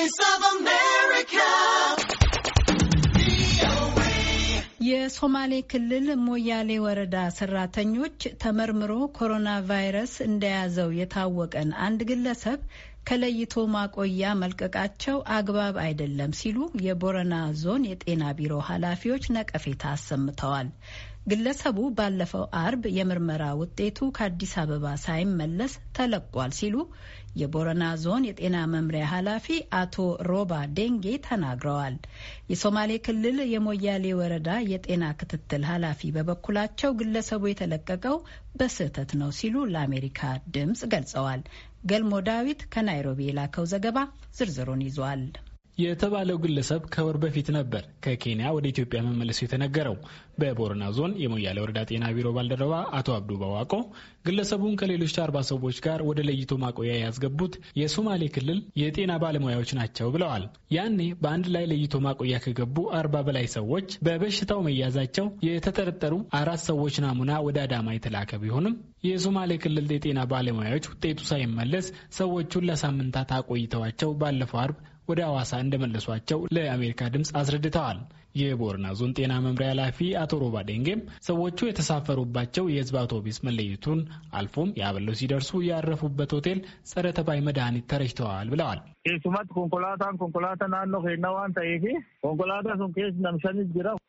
Voice of America. የሶማሌ ክልል ሞያሌ ወረዳ ሰራተኞች ተመርምሮ ኮሮና ቫይረስ እንደያዘው የታወቀን አንድ ግለሰብ ከለይቶ ማቆያ መልቀቃቸው አግባብ አይደለም ሲሉ የቦረና ዞን የጤና ቢሮ ኃላፊዎች ነቀፌታ አሰምተዋል። ግለሰቡ ባለፈው አርብ የምርመራ ውጤቱ ከአዲስ አበባ ሳይመለስ ተለቋል ሲሉ የቦረና ዞን የጤና መምሪያ ኃላፊ አቶ ሮባ ዴንጌ ተናግረዋል። የሶማሌ ክልል የሞያሌ ወረዳ የጤና ክትትል ኃላፊ በበኩላቸው ግለሰቡ የተለቀቀው በስህተት ነው ሲሉ ለአሜሪካ ድምጽ ገልጸዋል። ገልሞ ዳዊት ከናይሮቢ የላከው ዘገባ ዝርዝሩን ይዟል። የተባለው ግለሰብ ከወር በፊት ነበር ከኬንያ ወደ ኢትዮጵያ መመለሱ የተነገረው። በቦረና ዞን የሞያሌ ወረዳ ጤና ቢሮ ባልደረባ አቶ አብዱ ባዋቆ ግለሰቡን ከሌሎች አርባ ሰዎች ጋር ወደ ለይቶ ማቆያ ያስገቡት የሶማሌ ክልል የጤና ባለሙያዎች ናቸው ብለዋል። ያኔ በአንድ ላይ ለይቶ ማቆያ ከገቡ አርባ በላይ ሰዎች በበሽታው መያዛቸው የተጠረጠሩ አራት ሰዎች ናሙና ወደ አዳማ የተላከ ቢሆንም የሶማሌ ክልል የጤና ባለሙያዎች ውጤቱ ሳይመለስ ሰዎቹን ለሳምንታት አቆይተዋቸው ባለፈው አርብ ወደ ሐዋሳ እንደመለሷቸው ለአሜሪካ ድምፅ አስረድተዋል። የቦርና ዞን ጤና መምሪያ ኃላፊ አቶ ሮባ ደንጌም ሰዎቹ የተሳፈሩባቸው የህዝብ አውቶቢስ መለየቱን አልፎም ያበለው ሲደርሱ ያረፉበት ሆቴል ጸረ ተባይ መድኃኒት ተረጭተዋል ብለዋል።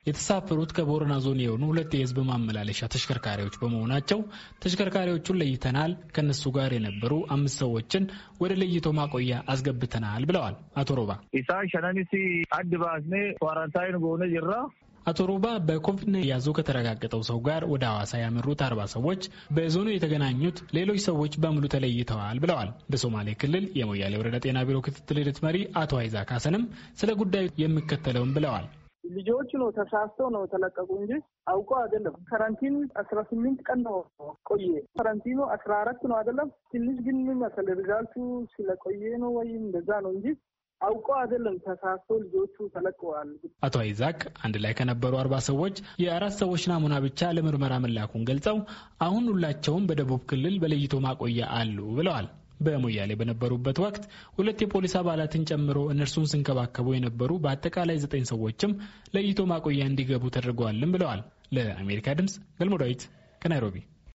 የተሳፈሩት ከቦረና ዞን የሆኑ ሁለት የህዝብ ማመላለሻ ተሽከርካሪዎች በመሆናቸው ተሽከርካሪዎቹን ለይተናል። ከነሱ ጋር የነበሩ አምስት ሰዎችን ወደ ለይቶ ማቆያ አስገብተናል ብለዋል አቶ ሮባ ሆነ ይራ አቶ ሮባ በኮቪድ ያዙ ከተረጋገጠው ሰው ጋር ወደ ሐዋሳ ያመሩት አርባ ሰዎች በዞኑ የተገናኙት ሌሎች ሰዎች በሙሉ ተለይተዋል ብለዋል። በሶማሌ ክልል የሞያሌ ወረዳ ጤና ቢሮ ክትትል ሂደት መሪ አቶ አይዛ ካሰንም ስለ ጉዳዩ የሚከተለውን ብለዋል። ልጆቹ ነው ተሳስተው ነው ተለቀቁ እንጂ አውቆ አይደለም። ከረንቲን አስራ ስምንት ቀን ነው ቆየ። ከረንቲኑ አስራ አራት ነው አይደለም። ትንሽ ግን መሰለ ሪዛልቱ ስለቆየ ነው ወይም እንደዛ ነው እንጂ አውቀው አይደለም ተሳስቶ ልጆቹ ተለቀዋል። አቶ አይዛክ አንድ ላይ ከነበሩ አርባ ሰዎች የአራት ሰዎች ናሙና ብቻ ለምርመራ መላኩን ገልጸው አሁን ሁላቸውም በደቡብ ክልል በለይቶ ማቆያ አሉ ብለዋል። በሞያሌ በነበሩበት ወቅት ሁለት የፖሊስ አባላትን ጨምሮ እነርሱን ስንከባከቡ የነበሩ በአጠቃላይ ዘጠኝ ሰዎችም ለይቶ ማቆያ እንዲገቡ ተደርገዋልም ብለዋል። ለአሜሪካ ድምፅ ገልሞዳዊት ከናይሮቢ